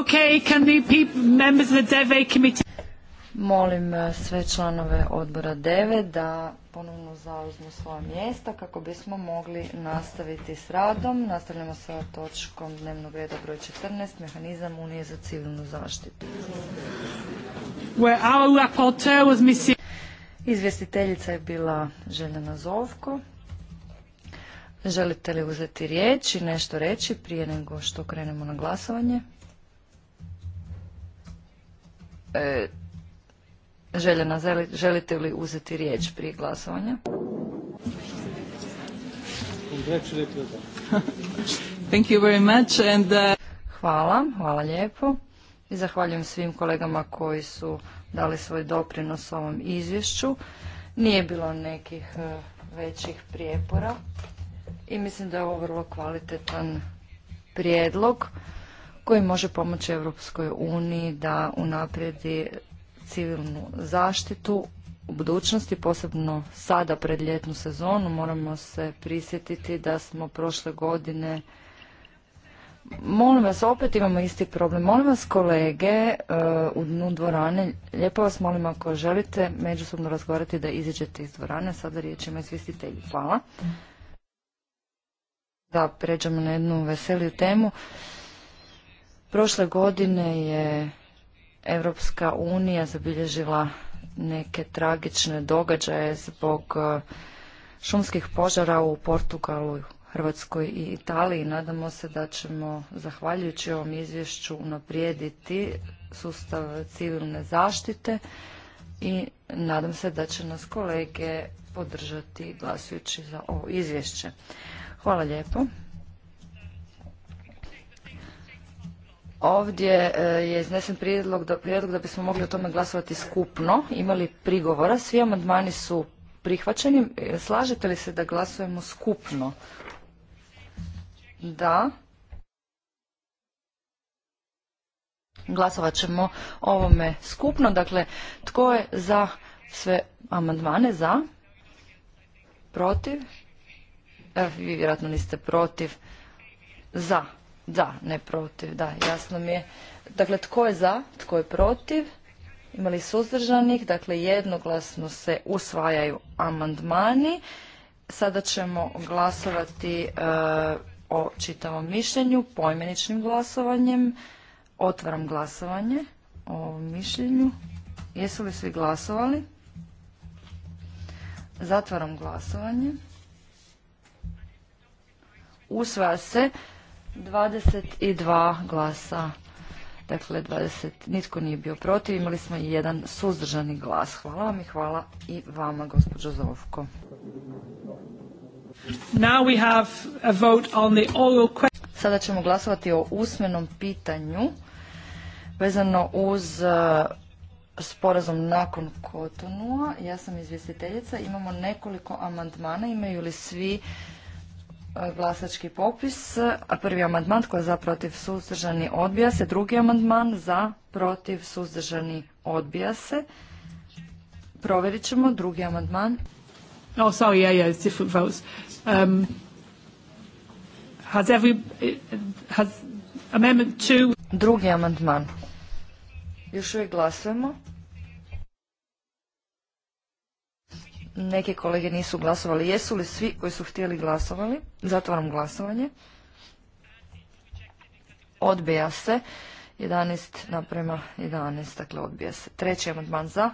Okay, Molim eh, sve članove odbora DEVE da ponovno zauzmu svoja mjesta kako bismo mogli nastaviti s radom. Nastavljamo sa točkom dnevnog reda broj 14, mehanizam Unije za civilnu zaštitu. Izvjestiteljica je bila Željana Zovko. Želite li uzeti riječ i nešto reći prije nego što krenemo na glasovanje? E, želite li uzeti riječ prije glasovanja? much uh, Hvala, hvala lijepo i zahvaljujem svim kolegama koji su dali svoj doprinos ovom izvješću. Nije bilo nekih e, većih prijepora i mislim da je ovo vrlo kvalitetan prijedlog koji može pomoći Europskoj uniji da unaprijedi civilnu zaštitu u budućnosti, posebno sada pred ljetnu sezonu. Moramo se prisjetiti da smo prošle godine Molim vas, opet imamo isti problem. Molim vas kolege e, u dnu dvorane, lijepo vas molim ako želite međusobno razgovarati da iziđete iz dvorane. Sada riječ ima izvjestitelji. Hvala. Da, pređemo na jednu veseliju temu. Prošle godine je Europska unija zabilježila neke tragične događaje zbog e, šumskih požara u Portugalu, Hrvatskoj i Italiji. Nadamo se da ćemo, zahvaljujući ovom izvješću, unaprijediti sustav civilne zaštite i nadam se da će nas kolege podržati glasujući za ovo izvješće. Hvala lijepo. Ovdje e, je iznesen prijedlog da, prijedlog da bismo mogli o tome glasovati skupno. Imali prigovora. Svi amandmani su prihvaćeni. E, slažete li se da glasujemo skupno? Da. Glasovat ćemo ovome skupno. Dakle, tko je za sve amandmane? Za? Protiv? vi vjerojatno niste protiv. Za. Da, ne protiv, da, jasno mi je. Dakle, tko je za, tko je protiv? Imali suzdržanih, dakle jednoglasno se usvajaju amandmani. Sada ćemo glasovati e, o čitavom mišljenju poimeničnim glasovanjem. Otvaram glasovanje o ovom mišljenju. Jesu li svi glasovali? Zatvaram glasovanje. Usvaja se 22 glasa, dakle 20, nitko nije bio protiv, imali smo i jedan suzdržani glas. Hvala vam i hvala i vama, gospođo Zovko. Now we have a vote on the Sada ćemo glasovati o usmenom pitanju vezano uz eh, sporazum nakon Kotonua. Ja sam izvjestiteljica. Imamo nekoliko amandmana. Imaju li svi E, glasački popis. A prvi amandman tko je za protiv suzdržani odbija se. Drugi amandman za protiv suzdržani odbija se. Provjerit ćemo drugi amandman. Oh, sorry, Um, has every, has amendment Drugi amandman. Još uvijek glasujemo. Neke kolege nisu glasovali. Jesu li svi koji su htjeli glasovali? Zatvaram glasovanje. Odbija se. 11 naprema 11, dakle odbija se. Treći amandman za,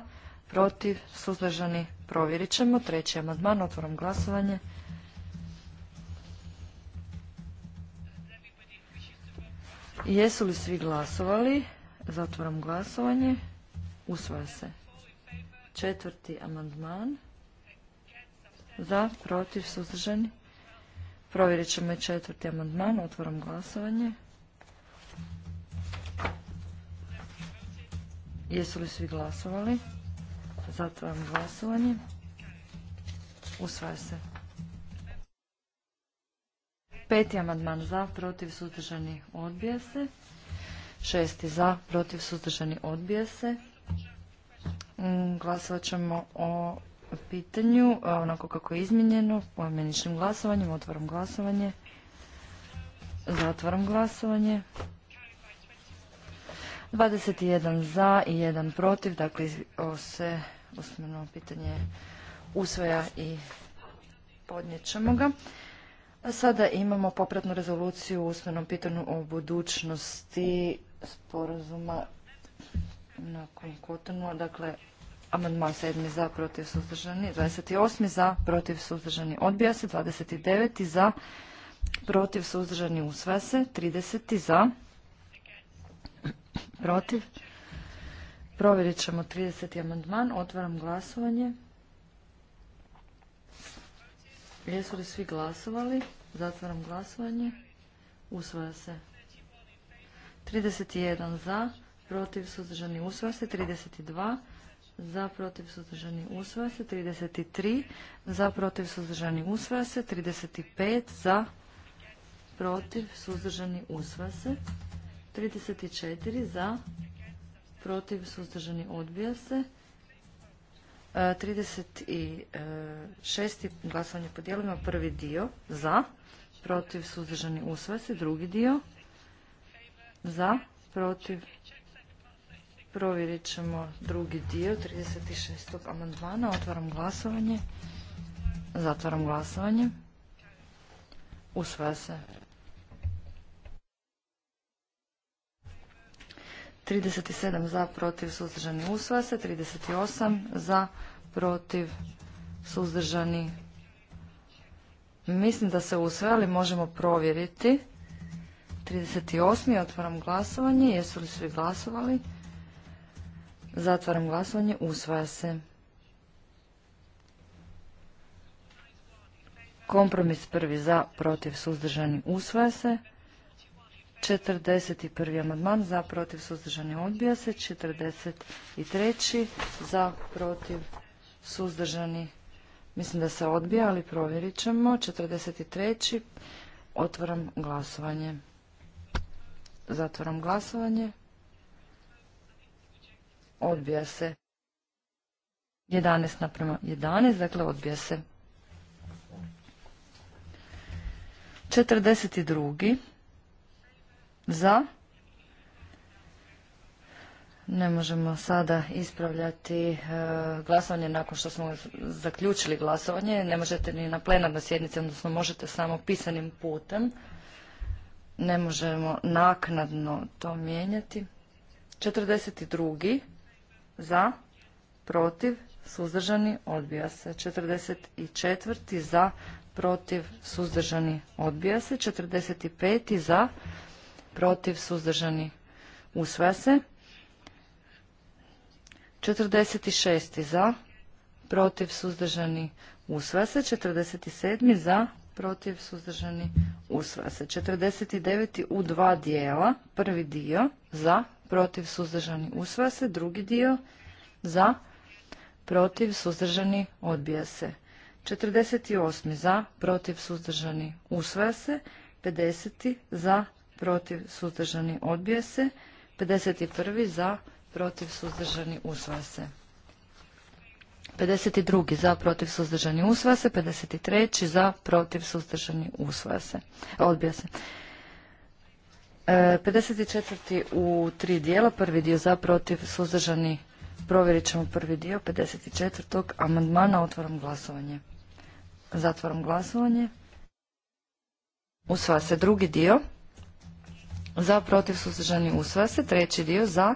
protiv, suzdržani, provjerit ćemo. Treći amandman, otvoram glasovanje. Jesu li svi glasovali? Zatvoram glasovanje. Usvaja se. Četvrti amandman za, protiv, suzdržani. Provjerit ćemo i četvrti amandman. Otvaram glasovanje. Jesu li svi glasovali? Zatvaram glasovanje. Usvaja se. Peti amandman za, protiv, suzdržani, Odbije se. Šesti za, protiv, suzdržani, Odbije se. Mm, glasovat ćemo o pitanju, onako kako je izmijenjeno, pojmeničnim glasovanjem, otvaram glasovanje, zatvaram glasovanje. 21 za i 1 protiv, dakle ovo se osnovno pitanje usvaja i podnijet ga. sada imamo popratnu rezoluciju u usmenom pitanju o budućnosti sporazuma nakon Kotonu, dakle Amandman 7. za, protiv, suzdržani. 28. za, protiv, suzdržani. Odbija se. 29. za, protiv, suzdržani. Usvaja se. 30. za, protiv. Provjerit ćemo 30. amandman. Otvaram glasovanje. Jesu li svi glasovali? Zatvaram glasovanje. Usvaja se. 31 za, protiv, suzdržani. Usvaja se. 32 za protiv suzdržani usvaja se 33 za protiv suzdržani usvaja se 35 za protiv suzdržani usvaja se 34 za protiv suzdržani odbija se 36 e, glasovanje po prvi dio za protiv suzdržani usvaja se drugi dio za protiv Provjerit ćemo drugi dio 36. amandmana. Otvaram glasovanje. Zatvaram glasovanje. Usvaja se. 37 za, protiv, suzdržani, usvaja se. 38 za, protiv, suzdržani. Mislim da se usvaja, ali možemo provjeriti. 38. Otvaram glasovanje. Jesu li svi glasovali? Zatvaram glasovanje. Usvaja se. Kompromis prvi za, protiv, suzdržani. Usvaja se. 41. amandman za, protiv, suzdržani. Odbija se. 43. za, protiv, suzdržani. Mislim da se odbija, ali provjerit ćemo. 43. Otvaram glasovanje. Zatvaram glasovanje odbija se. 11 naprema 11, dakle odbija se. 42. Za. Ne možemo sada ispravljati e, glasovanje nakon što smo zaključili glasovanje. Ne možete ni na plenarnoj sjednici, odnosno možete samo pisanim putem. Ne možemo naknadno to mijenjati. 42 za, protiv, suzdržani, odbija se. 44. za, protiv, suzdržani, odbija se. 45. za, protiv, suzdržani, usvaja se. 46. za, protiv, suzdržani, usvaja se. 47. za, protiv, suzdržani, usvaja se. 49. u dva dijela, prvi dio, za, protiv suzdržani usvaja se, drugi dio za, protiv suzdržani odbija se. 48. za, protiv suzdržani usvaja se, 50. za, protiv suzdržani odbija se, 51. za, protiv suzdržani usvaja se. 52. za, protiv suzdržani usvaja se, 53. za, protiv suzdržani se, odbija se. 54. u tri dijela, prvi dio za, protiv, suzdržani, provjerit ćemo prvi dio, 54. amandmana, otvaram glasovanje. Zatvaram glasovanje. Usvaja se drugi dio, za, protiv, suzdržani, usvaja se, treći dio, za,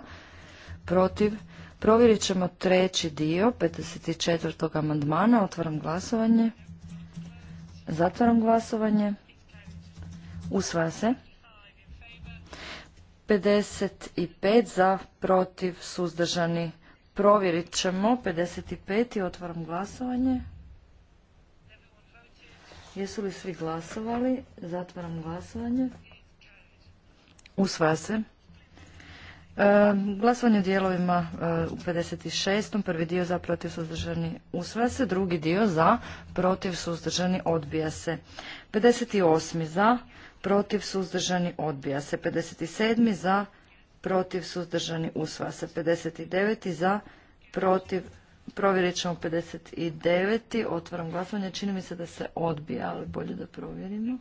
protiv, provjerit ćemo treći dio, 54. amandmana, otvaram glasovanje. Zatvaram glasovanje. Usvaja se. 55 za, protiv, suzdržani. Provjerit ćemo 55 i otvaram glasovanje. Jesu li svi glasovali? Zatvaram glasovanje. Usvaja se. E, glasovanje u dijelovima e, u 56. Prvi dio za protiv suzdržani usvaja se, drugi dio za protiv suzdržani odbija se. 58. za protiv suzdržani odbija se 57. za protiv suzdržani usvaja se 59. za protiv provjerit ćemo 59. otvaram glasovanje čini mi se da se odbija ali bolje da provjerimo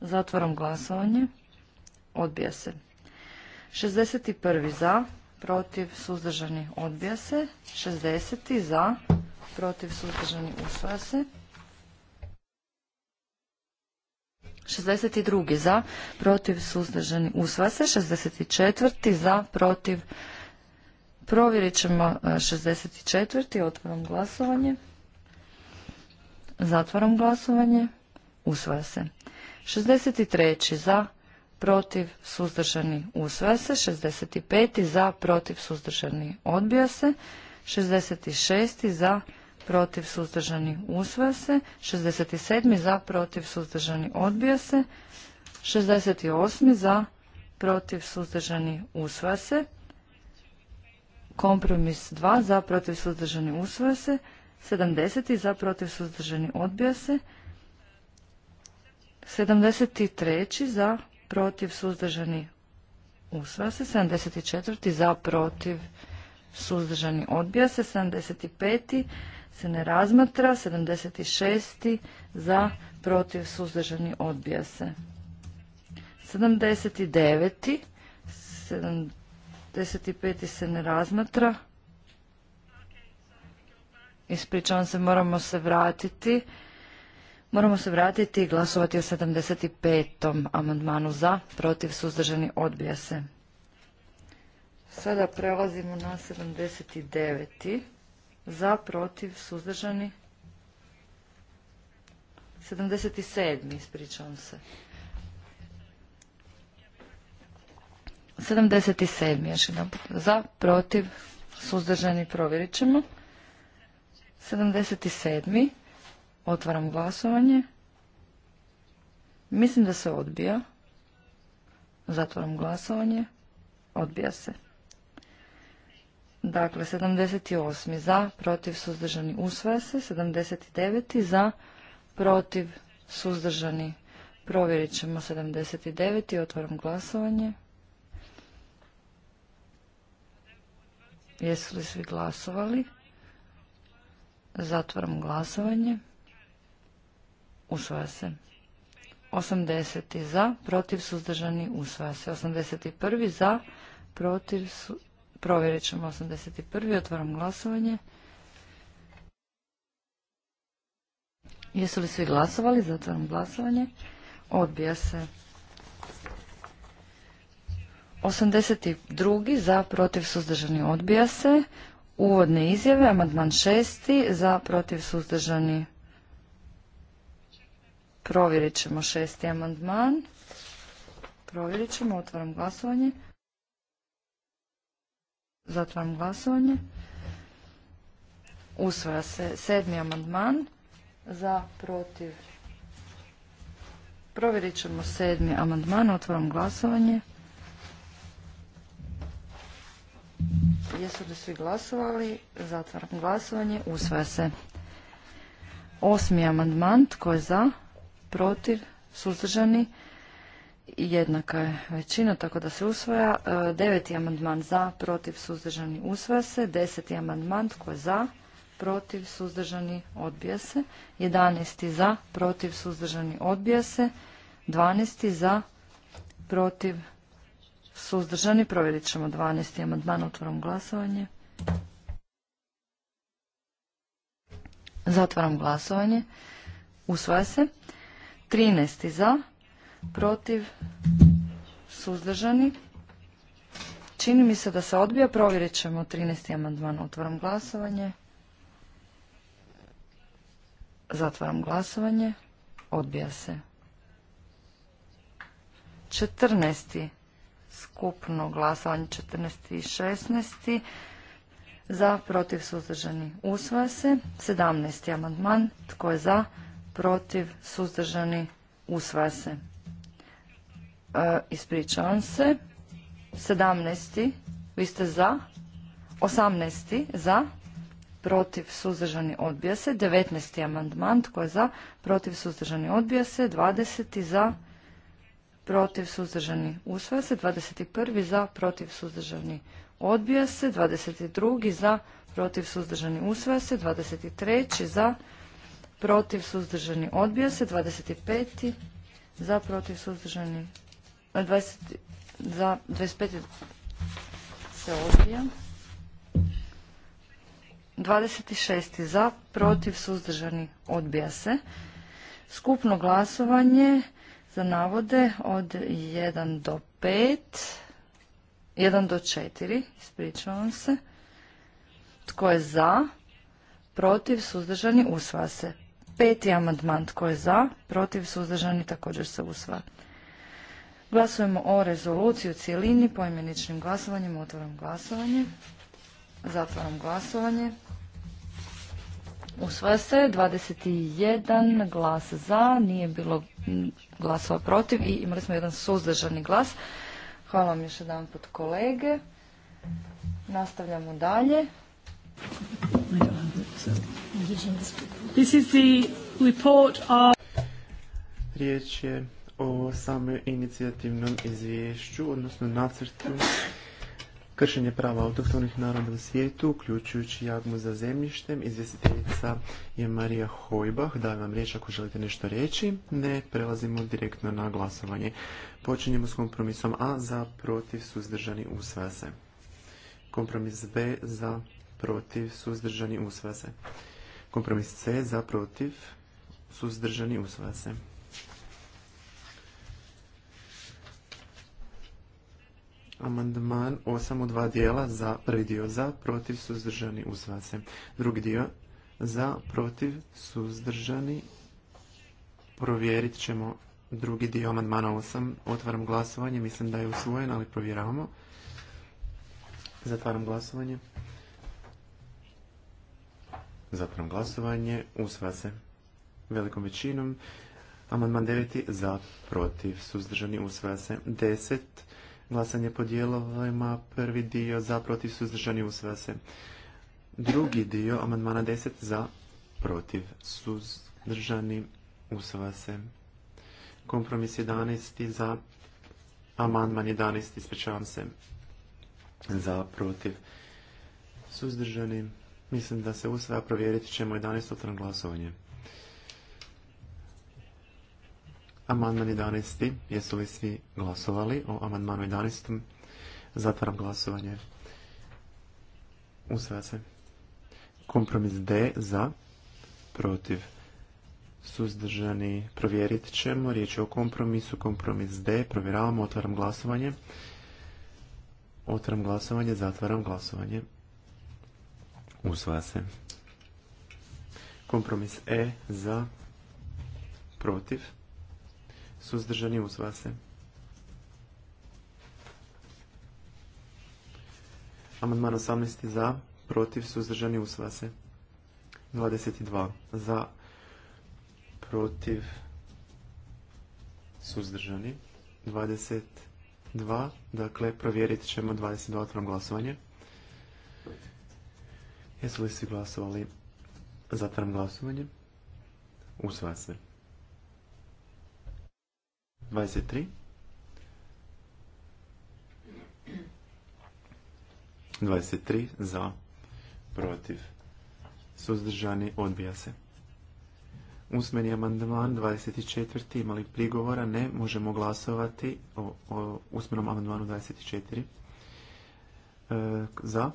zatvaram glasovanje odbija se 61. za protiv suzdržani odbija se 60. za protiv suzdržani usvaja se 62. za, protiv, suzdržani, usvaja se. 64. za, protiv, provjerit ćemo 64. E, otvorom glasovanje. zatvorom glasovanje. Usvaja se. 63. za, protiv, suzdržani, usvaja se. 65. za, protiv, suzdržani, odbija se. 66. za, protiv suzdržani usvoja se, 67. za protiv suzdržani odbija se, 68. za protiv suzdržani usvoja se, kompromis 2 za protiv suzdržani usvoja se, 70. za protiv suzdržani odbija se, 73. za protiv suzdržani usvoja se, 74. za protiv suzdržani odbija se, 75 se ne razmatra. 76. za, protiv, suzdržani, odbija se. 79. 75. se ne razmatra. Ispričavam se, moramo se vratiti. Moramo se vratiti i glasovati o 75. amandmanu za, protiv, suzdržani, odbija se. Sada prelazimo na 79 za, protiv, suzdržani. 77. ispričavam se. 77. još jedan Za, protiv, suzdržani provjerit ćemo. 77. Otvaram glasovanje. Mislim da se odbija. Zatvaram glasovanje. Odbija se. Dakle, 78. za, protiv, suzdržani, usvaja se. 79. za, protiv, suzdržani. Provjerit ćemo 79. Otvaram glasovanje. Jesu li svi glasovali? Zatvaram glasovanje. Usvaja se. 80. za, protiv, suzdržani, usvaja se. 81. za, protiv, su, Provjerit ćemo 81. Otvaram glasovanje. Jesu li svi glasovali? Zatvaram glasovanje. Odbija se. 82. za protiv suzdržani odbija se. Uvodne izjave, amandman 6. za protiv suzdržani Provjerit ćemo 6. amandman. Provjerit ćemo, otvaram glasovanje. Zatvaram glasovanje. Usvaja se sedmi amandman za protiv. Provjerit ćemo sedmi amandman. Otvaram glasovanje. Jesu li svi glasovali? Zatvaram glasovanje. Usvaja se. Osmi amandman. Tko je za? Protiv? Suzdržani? jednaka je većina, tako da se usvaja. E, deveti amandman za, protiv, suzdržani, usvaja se. Deseti amandman, tko je za, protiv, suzdržani, odbija se. Jedanesti za, protiv, suzdržani, odbija se. Dvanesti za, protiv, suzdržani. Provjerit ćemo dvanesti amandman, otvorom glasovanje. Zatvaram glasovanje. Usvaja se. 13. za, protiv, suzdržani. Čini mi se da se odbija, provjerit ćemo 13. amandman, otvaram glasovanje. Zatvaram glasovanje, odbija se. 14. skupno glasovanje, 14. i 16. Za, protiv, suzdržani, usvaja se. 17. amandman, tko je za, protiv, suzdržani, usvaja se. E, ispričavam se. 17. Vi ste za. 18. za. Protiv suzdržani odbija se. 19. amandman. Tko je za? Protiv suzdržani odbija se. 20. za. Protiv suzdržani usvaja se. 21. za. Protiv suzdržani odbija se. 22. za. Protiv suzdržani usvaja se. 23. za. Protiv suzdržani odbija se. 25. za. Protiv suzdržani za 25 se odbija. 26. za, protiv, suzdržani, odbija se. Skupno glasovanje za navode od 1 do 5, 1 do 4, ispričavam se. Tko je za, protiv, suzdržani, usva se. Peti amandman, tko je za, protiv, suzdržani, također se usva. Glasujemo o rezoluciji u cijelini poimeničnim glasovanjem. Otvaram glasovanje. Zatvaram glasovanje. Usvaja se 21 glas za, nije bilo glasova protiv i imali smo jedan suzdržani glas. Hvala vam još jedan put kolege. Nastavljamo dalje. Riječ je o samoj inicijativnom izvješću, odnosno nacrtu kršenje prava autohtonih naroda u svijetu, uključujući jagmu za zemljištem. Izvjestiteljica je Marija Hojbah. Dajem vam riječ ako želite nešto reći. Ne, prelazimo direktno na glasovanje. Počinjemo s kompromisom A za protiv suzdržani usvaja Kompromis B za protiv suzdržani usvaja se. Kompromis C za protiv suzdržani usvaja se. Amandman 8 u dva dijela za prvi dio za, protiv, suzdržani, usvaja se. Drugi dio za, protiv, suzdržani, provjerit ćemo drugi dio amandmana osam, Otvaram glasovanje, mislim da je usvojen, ali provjeravamo. Zatvaram glasovanje. Zatvaram glasovanje, usvaja se velikom većinom. Amandman 9 za, protiv, suzdržani, usvaja se. Deset. Glasanje po dijelovima, prvi dio za, protiv, suzdržani, usvaja se. Drugi dio, amandmana 10 za, protiv, suzdržani, usvaja se. Kompromis 11 za, amandman 11, ispričavam se, za, protiv, suzdržani. Mislim da se usvaja, provjerit ćemo 11. glasovanje. Amandman 11. Jesu li svi glasovali o amandmanu 11. Zatvaram glasovanje. Usvaja se. Kompromis D za, protiv, suzdržani. Provjerit ćemo. Riječ je o kompromisu. Kompromis D. Provjeravamo. Otvaram glasovanje. Otvaram glasovanje. Zatvaram glasovanje. Usvaja se. Kompromis E za, protiv, suzdržani uzva se. Amandman 18. za, protiv, suzdržani usva se. 22. za, protiv, suzdržani. 22. Dakle, provjerit ćemo 22. otvorom glasovanje. Jesu li svi glasovali? Zatvaram glasovanje. Usva se. 23. Dvadeset tri za, protiv, suzdržani, odbija se. Usmeni amandman 24. Imali prigovora? Ne. Možemo glasovati o, o usmenom amandmanu 24. E, za,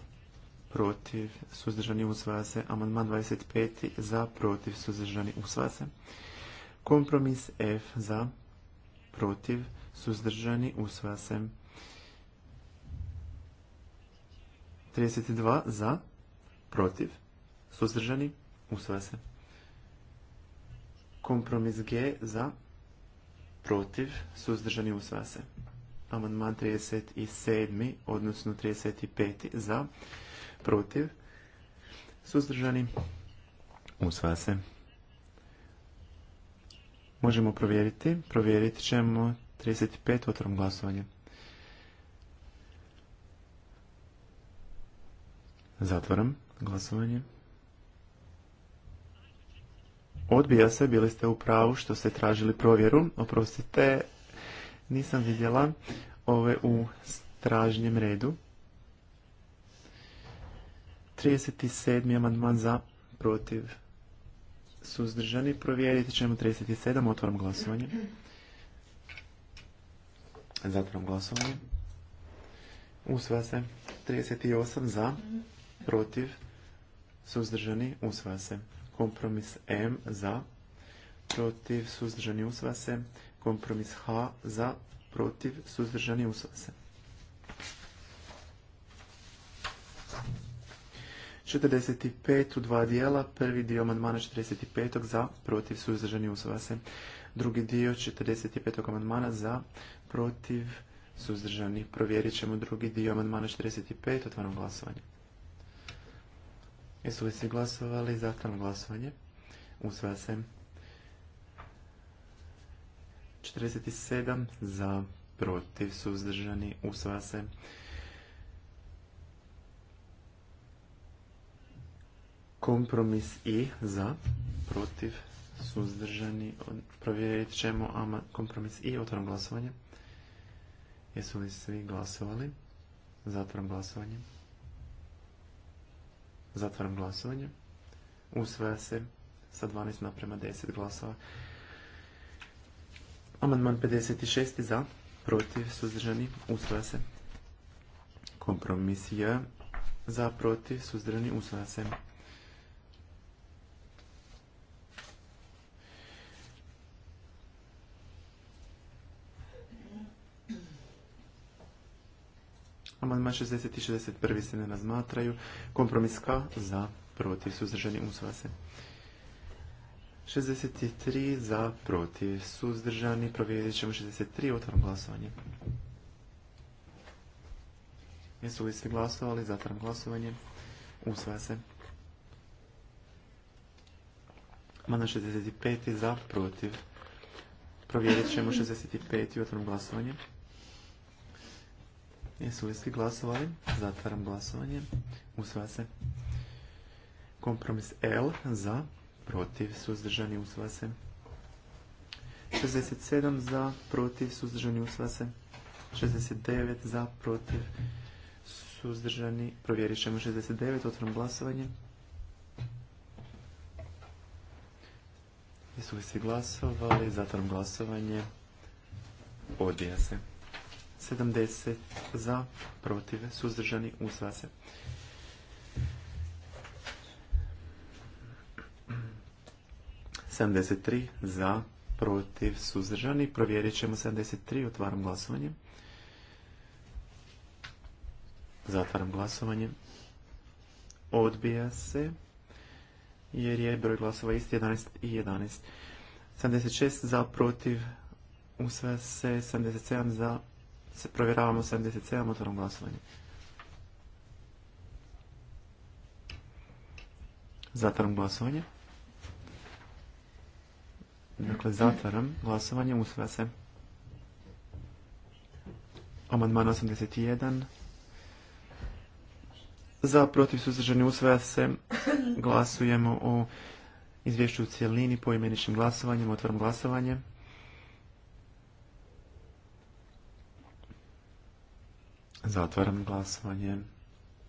protiv, suzdržani, usvaja se. Amandman 25. Za, protiv, suzdržani, usvaja se. Kompromis F za, protiv, suzdržani, usvaja se. 32 za, protiv, suzdržani, usvaja se. Kompromis G za, protiv, suzdržani, usvaja se. Amandman 37. odnosno 35. za, protiv, suzdržani, usvaja se. Možemo provjeriti. Provjeriti ćemo 35 otvorom glasovanje. Zatvoram glasovanje. Odbija se, bili ste u pravu što ste tražili provjeru. Oprostite, nisam vidjela ove u stražnjem redu. 37. amandman za, protiv, suzdržani, provjeriti ćemo 37, otvorom glasovanje. Zatvorom glasovanje. Usva se. 38 za, protiv, suzdržani, usva se. Kompromis M za, protiv, suzdržani, usvase. se. Kompromis H za, protiv, suzdržani, usvase. se. 45 u dva dijela, prvi dio amandmana 45. za, protiv, suzdržani, usvaja se. Drugi dio 45. amandmana za, protiv, suzdržani. Provjerit ćemo drugi dio amandmana 45. Otvaram glasovanje. Jesu li svi glasovali? Zatvaram glasovanje. Usvaja se. 47 za, protiv, suzdržani, usvaja se. Kompromis i za, protiv, suzdržani. Provjerit ćemo ama, kompromis i otvorom glasovanje. Jesu li svi glasovali? Zatvorom glasovanje. Zatvorom glasovanje. Usvaja se sa 12 naprema 10 glasova. Amandman 56 za, protiv, suzdržani, usvaja se. Kompromis je za, protiv, suzdržani, usvaja se. 60 i 61 se ne razmatraju. Kompromis K za protiv suzdržani usvaja se. 63 za protiv suzdržani. Provjerit ćemo 63. Otvaram glasovanje. Jesu li svi glasovali? Zatvaram glasovanje. Usvaja se. mana 65 za protiv. Provjerit ćemo 65. Otvaram glasovanje. Jesu li svi glasovali? Zatvaram glasovanje. Usvaja se. Kompromis L za, protiv, suzdržani, usvaja se. 67 za, protiv, suzdržani, usvaja se. 69 za, protiv, suzdržani. Provjerit ćemo 69, otvorim glasovanje. Jesu li svi glasovali? Zatvaram glasovanje. Odbija se. 70 za, protiv, suzdržani, uzva se. Sedamdeset tri za, protiv, suzdržani. Provjerit ćemo 73. Otvaram glasovanje. Zatvaram glasovanje. Odbija se jer je broj glasova isti 11 i 11. 76 za protiv usvaja se, 77 za se provjeravamo 77, motorom glasovanje. Zatvaram glasovanje. Dakle, zatvaram glasovanje, usvaja se. Amandman 81. Za protiv suzdržani usvaja se. Glasujemo o izvješću u cijelini imeničnim glasovanjem. Otvaram glasovanje. Zatvaram glasovanje.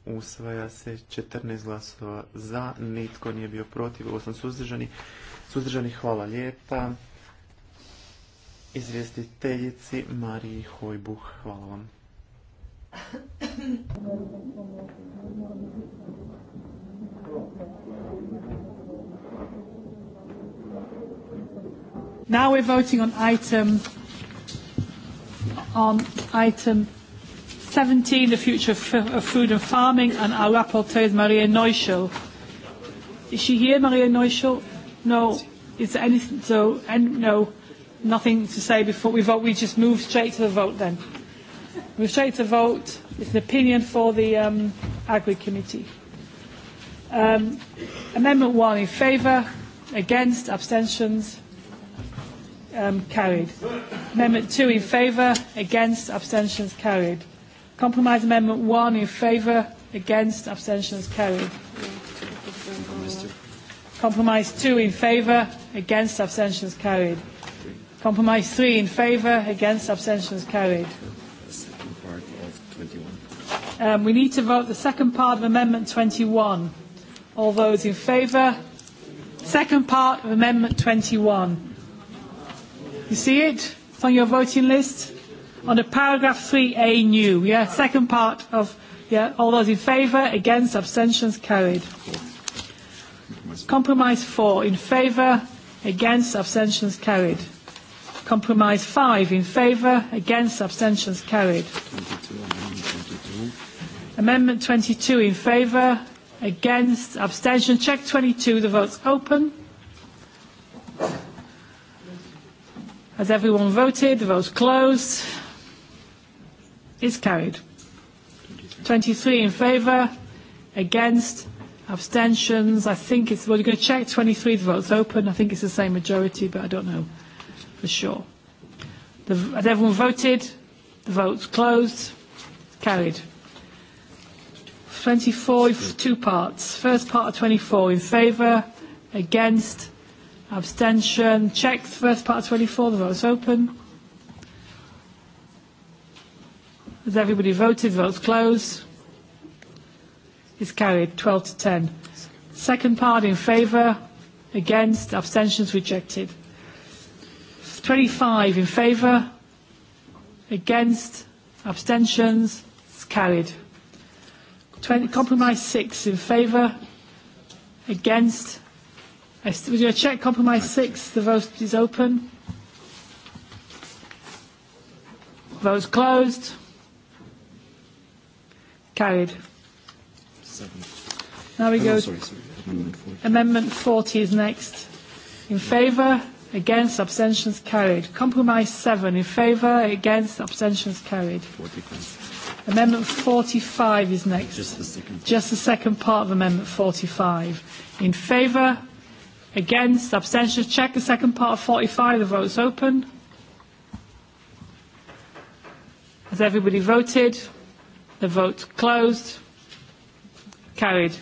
Usvaja se 14 glasova za, nitko nije bio protiv, 8 suzdržani. Suzdržani hvala lijepa. Izvjestiteljici Mariji Hojbuh, hvala vam. Now we're voting on item on item 17, the future of food and farming, and our rapporteur is Maria Neuschel. Is she here, Maria Neuschel? No. Is there anything? So, and no, nothing to say before we vote. We just move straight to the vote then. Move straight to vote. It's an opinion for the um, Agri Committee. Um, amendment one in favour, against, abstentions. Um, carried. Amendment two in favour, against, abstentions carried. Compromise Amendment 1 in favour, against, abstentions carried. Compromise 2 in favour, against, abstentions carried. Compromise 3 in favour, against, abstentions carried. Um, we need to vote the second part of Amendment 21. All those in favour? Second part of Amendment 21. You see it? It's on your voting list on a paragraph three a new. Yeah, second part of, yeah, all those in favour, against, abstentions carried. Compromise four in favour, against, abstentions carried. Compromise five in favour, against, abstentions carried. amendment 22. Amendment in favour, against, abstention, check 22, the vote's open. Has everyone voted? The vote's closed is carried. 23 in favour, against, abstentions. I think it's, well, you're going to check 23, the vote's open. I think it's the same majority, but I don't know for sure. has everyone voted? The vote's closed. Carried. 24, two parts. First part of 24, in favour, against, abstention. Check first part of 24, the vote's open. Has everybody voted? Votes closed? It's carried 12 to 10. Second part in favor Against. Abstentions rejected. 25 in favor Against. Abstentions. It's carried. compromise 6 in favor Against. Would you check compromise 6? The vote is open. Votes closed. Carried. Seven. Now we oh, go. sorry, sorry. Amendment 40. Amendment 40 is next. In favour, against, abstentions carried. Compromise 7 in favour, against, abstentions carried. Amendment 45 is next. Just the second. Part. Just the second part of Amendment 45. In favour, against, abstentions. Check the second part of 45. The vote's open. Has everybody voted? The vote closed. Carried.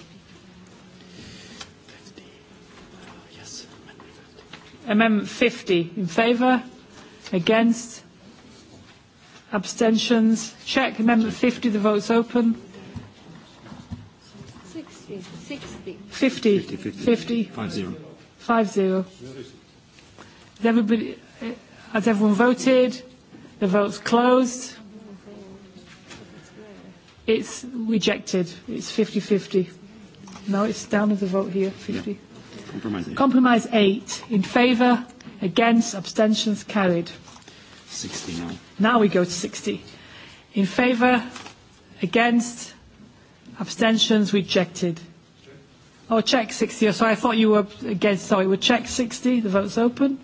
Amendment 50 in favor, against, abstentions. Check Amendment 50, the vote's open. 60. 60. 50. 50. 50. 50. 50. 50. everybody, eh, has everyone voted? The vote's closed. It's rejected. It's 50-50. No, it's down to the vote here, 50. Compromise 8. Compromise In favor, against, abstentions carried. 60 now. we go to 60. In favor, against, abstentions rejected. Oh, check 60. so sorry, I thought you were against. Sorry, we'll check 60. The vote's open.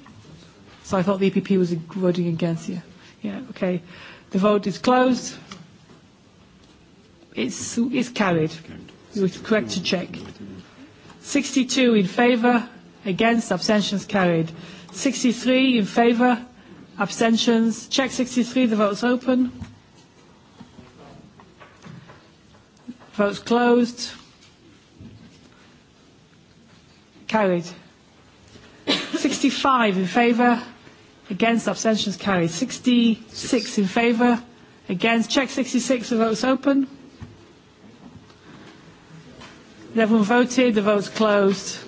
So I thought the EPP was voting against you. Yeah, okay. The vote is closed. It's, it's carried. correct to check. 62 in favour, against, abstentions carried. 63 in favour, abstentions. Check 63, the vote's open. Vote's closed. Carried. 65 in favour, against, abstentions carried. 66 in favour, against. Check 66, the vote's open. Everyone voted, the vote is closed.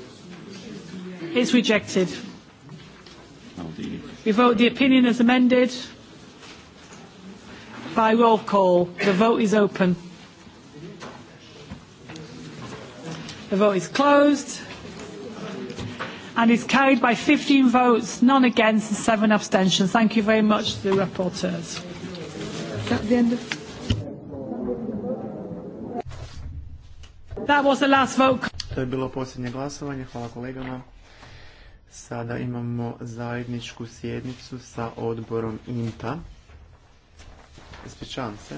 It's rejected. We vote the opinion as amended by roll call. The vote is open. The vote is closed and is carried by 15 votes, none against and seven abstentions. Thank you very much to the rapporteurs. Is that the end of To je bilo posljednje glasovanje. Hvala kolegama. Sada imamo zajedničku sjednicu sa odborom INTA. Ispričavam se.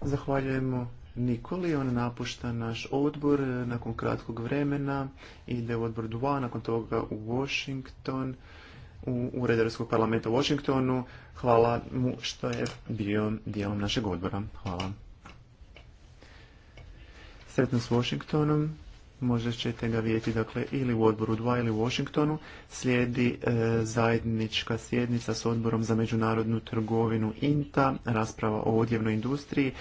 Zahvaljujemo Nikoli, on napušta naš odbor nakon kratkog vremena, ide u odbor 2, nakon toga u Washington u Ured Europskog parlamenta u Washingtonu. Hvala mu što je bio dijelom našeg odbora. Hvala. Sretno s Washingtonom. Možda ćete ga vidjeti dakle, ili u odboru 2 ili u Washingtonu. Slijedi e, zajednička sjednica s odborom za međunarodnu trgovinu INTA, rasprava o odjevnoj industriji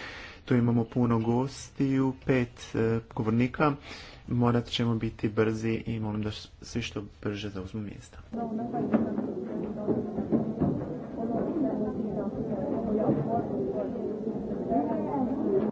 imamo puno gostiju, pet e, govornika. Morat ćemo biti brzi i molim da svi što brže zauzmu mjesta.